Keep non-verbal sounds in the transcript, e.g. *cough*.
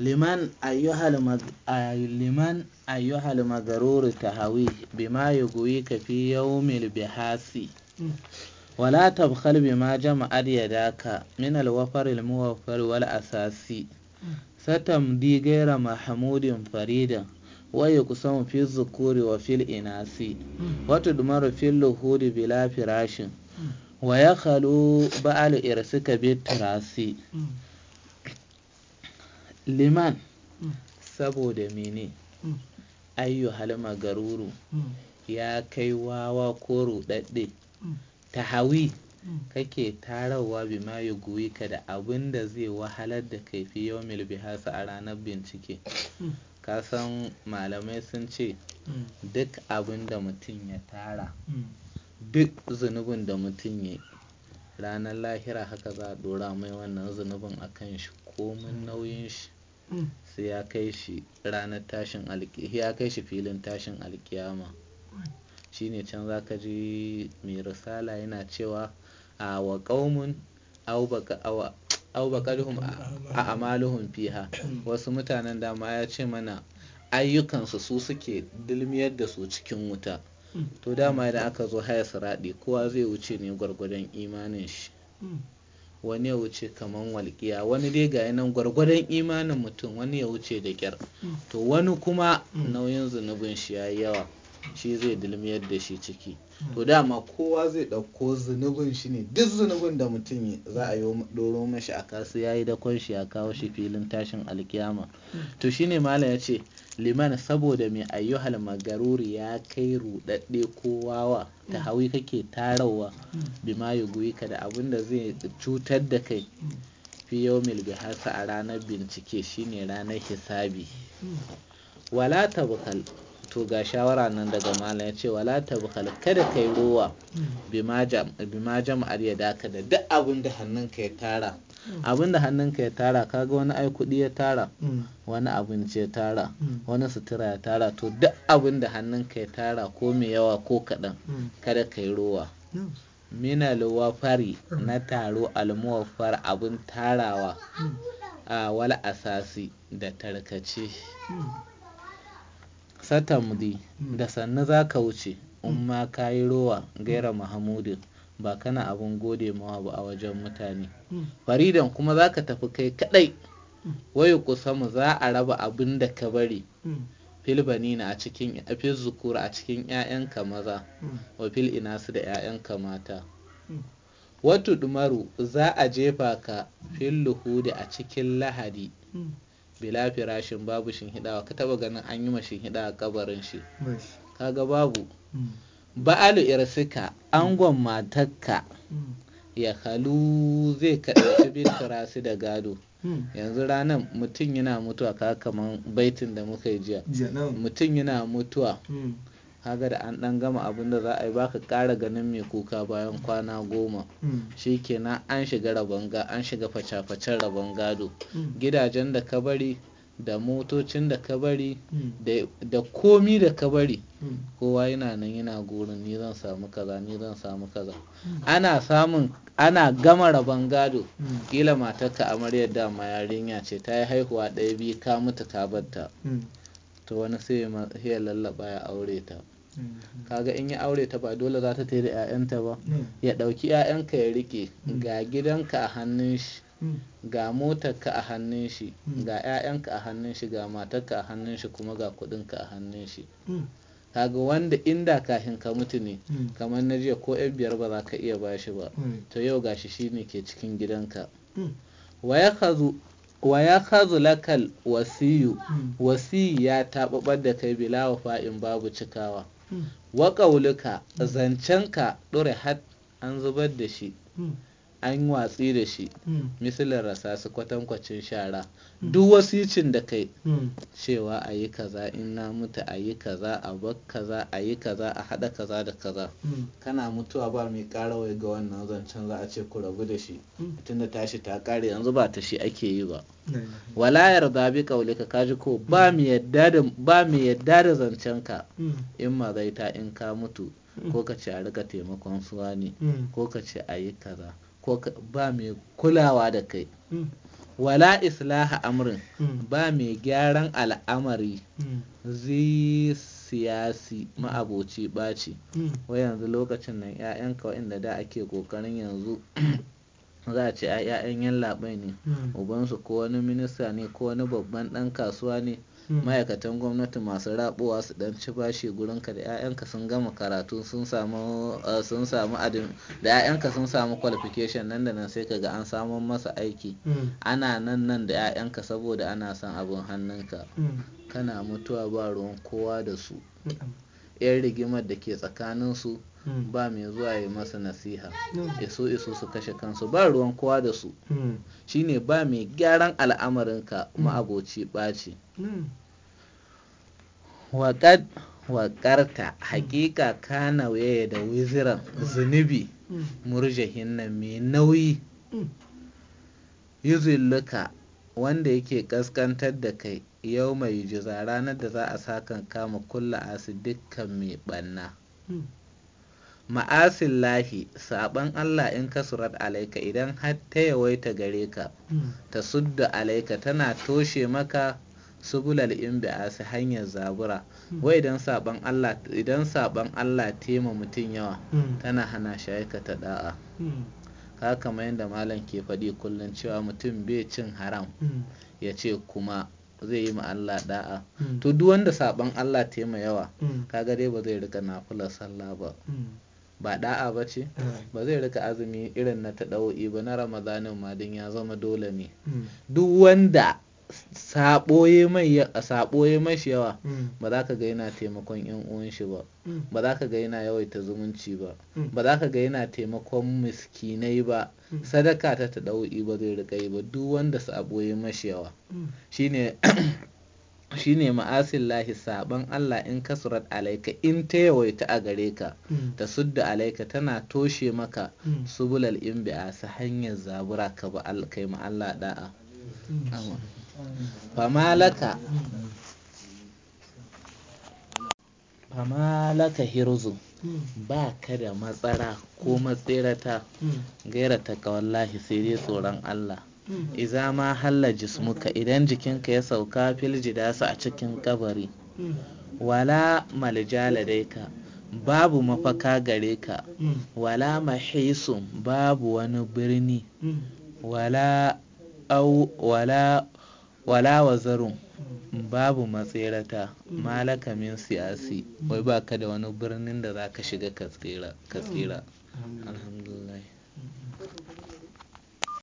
liman ayyuhal magarori ta hawi bima ya goyi ka fi yawmil bihasi wala tabkhal bima jama'ar yadaka min alwafar almuwaffar wal asasi satam di gaira mahmudin faridan waye kusan fi zukuri wa fil inasi wata dumaru fil luhuri bila firashin wa ya ba'al irsika bit liman mm. saboda mene mm. ayyu halima garuru mm. ya kai wawa ko rudadde ta hawi kake tarawa bi ma ya goyi ka da abin da zai wahalar da kai fi yau bilhasa a ranar bincike ka san malamai sun ce duk abin da mutum ya tara duk zunubin da mutum ya ranar lahira haka za a dora mai wannan zunubin a kan shi komin nauyin shi sai ya kai shi ranar tashin alkiyama ya kai shi filin tashin alkiyama shine can za ka ji mai risala yana cewa a wa ƙaumin auba a amaluhum fiha wasu mutanen dama ya ce mana ayyukansu su suke dilmiyar da su cikin wuta to dama idan aka zo haya siraɗi kowa zai wuce ne gwargwadon imanin shi wani ya wuce kaman walƙiya wani dai ga nan gwargwadon imanin mutum wani ya wuce da kyar mm. to wani kuma mm. nauyin zunubin shi ya yawa shi zai dilmiyar da shi ciki hmm. to dama kowa zai ɗauko zunubin shi ne duk zunubin da mutum za a yi doro mashi a kasu ya yi dakon shi a kawo shi filin tashin alkiyama hmm. to shi ne malam ya ce liman saboda mai ayyuhal magaruri ya kai kowa wa. ta hmm. hawi kake tarawa bima yi guyi ka da abin da zai cutar da kai fi yau bilhassa a ranar bincike shine ranar hisabi wala tabakal to ga shawara nan daga malam ya ce wala tabkhal kada kai rowa bima jama'ar ya daka da duk abin da ka ya tara abin da hannun ka ya tara kaga wani ai kuɗi ya tara wani abinci ya tara wani sutura ya tara to duk abin da hannun ka ya tara ko mai yawa ko kaɗan kada kai rowa minal wafari na taro almuwafar abin tarawa a wal asasi da tarkace satamdi hmm. da sannu za ka wuce in hmm. ma ka yi rowa gaira hmm. mahamudin ba kana abin gode mawa ba a wajen mutane faridan kuma za ka tafi kai kadai waye kusamu za a raba abin da ka bari filbanina a cikin afis zukura a cikin 'ya'yanka maza wa fil inasu da 'ya'yanka mata watu dumaru za a jefa ka fil luhudi a cikin lahadi bila firashin babu shinhidawa ka taba ganin an yi ma hida a kabarin shi kaga babu mm. ba'alu irsika angon matakka mm. ya halu zai kaɗaci bil firasi da gado mm. yanzu ranar mutum yana mutuwa kaga kaman baitin da muka yi jiya mutum yana mutuwa kaga da an ɗan gama abin da za a yi baka ƙara ganin mai kuka bayan kwana goma mm. shi kenan an shiga rabon ga an shiga facafacen rabon gado mm. gidajen da ka bari da motocin da ka bari mm. da komi da ka bari kowa yana nan yana gurin ni zan samu kaza ni zan samu kaza ana samun ana gama rabon gado kila matarka amaryar dama yarinya ce ta yi haihuwa ɗaya biyu ka mutu ka batta to wani sai ya lallaba ya aure ta Mm-hmm. kaga in ya aure ta ba dole za ta da 'ya'yanta ba mm. ya ɗauki 'ya'yanka ya rike mm. ga gidanka a hannun shi mm. ga motarka a hannun shi ga 'ya'yanka a hannun shi ga matarka a hannun shi kuma ga kuɗinka a hannun shi kaga wanda inda kafin ka mutu ne kamar na jiya ko yan biyar ba za ka iya ba shi ba to yau ga shi shine ke cikin gidanka wa ya kazu lakal wasiyu wasiyu ya taɓaɓar da kai bila fa'in babu cikawa wa ƙaulika zancenka ɗore har an zubar da shi hmm. an watsi da shi hmm. misalin rasa su kwatankwacin shara hmm. duk yicin da kai hmm. cewa a yi kaza in na mutu a yi kaza a bar kaza a yi kaza a haɗa kaza da kaza kana mutuwa ba mai karawai ga wannan zancen za a ce ku rabu da shi tunda tashi ta kare yanzu ba ta shi ake yi ba Walayar yarda bi kaulika kaji ko ba mai yadda da zancen ka in ma zai ta in ka mutu ko ka ce a rika taimakon suwa ne ko ka ce a yi kaza ko ba mai kulawa da kai mm. wala islaha amrin mm. ba mai gyaran al'amari mm. zai siyasi ma'aboci ɓaci wai yanzu lokacin nan 'ya'yanka waɗanda da ake kokarin yanzu *coughs* za a ce 'ya'yan yallaɓai ne ubansu ko wani minista ne ko wani babban ɗan kasuwa ne Hmm. ma'aikatan gwamnati masu rabuwa su dan ci bashi gurin ka da 'ya'yanka sun gama karatu sun samu eh, sun samu da 'ya'yanka sun samu qualification nan da nan sai ka ga an samu masa aiki hmm. ana nan nan da 'ya'yanka saboda ana son abin hannunka hmm. kana mutuwa ba ruwan kowa da su 'yan rigimar da ke tsakanin su Hmm. ba mai zuwa ya masa nasiha iso hmm. iso su kashe kansu ba ruwan kowa da su hmm. shine ba mai gyaran al'amarinka ma'aboci ɓaci Waƙar waƙarta hakika ka nauye da wiziran zunubi murjahin nan mai nauyi yuzilluka wanda yake kaskantar da kai yau mai jiza ranar da za a sakan kama kulla asu dukkan mai ɓanna. ma'asin lahi saban Allah in ka kasurat alaika idan har ta yawaita gare ka hmm. ta sudda alaika tana toshe maka subulal in bi'asi hanyar zabura hmm. wai idan saban Allah idan mutum yawa hmm. tana hana shi aikata da'a ka kama yadda malam ke faɗi kullum cewa mutum bai cin haram ya ce kuma zai yi ma Allah da'a to duk wanda saban Allah tema yawa kaga dai ba zai rika nafilar sallah ba ba da'a ba ce mm. ba zai rika azumi irin na taɗa'o'i ba na ramadanin ma ya zama dole ne mm. duk wanda saɓoye mai mashi yawa mm. ba za ka ga yana taimakon yan uwan shi ba ba za ka ga yana yawaita zumunci ba ba za ka ga yana taimakon miskinai ba sadaka ta taɗa'o'i ba zai rika yi ba duk wanda saɓoye mashi yawa shine shine ma'asin lahi saban Allah in kasurat alaika in ta yawaita a gare ka mm. ta sudda alaika tana toshe maka mm. subulal in bi'a su hanyar zabura ka ba alkai Allah da'a mm. famalaka famalaka hirzu ba ka da matsara ko matsirata gairata ka lahi sai dai tsoron Allah Mm-hmm. iza ma halla jismuka idan jikinka ya sauka fil a cikin kabari mm-hmm. wala maljala ka babu mafaka gare ka mm-hmm. wala mahisun babu wani birni wala au wala wala wazarun babu matserata malaka min siyasi wai baka da wani birnin da zaka shiga katsira. tsira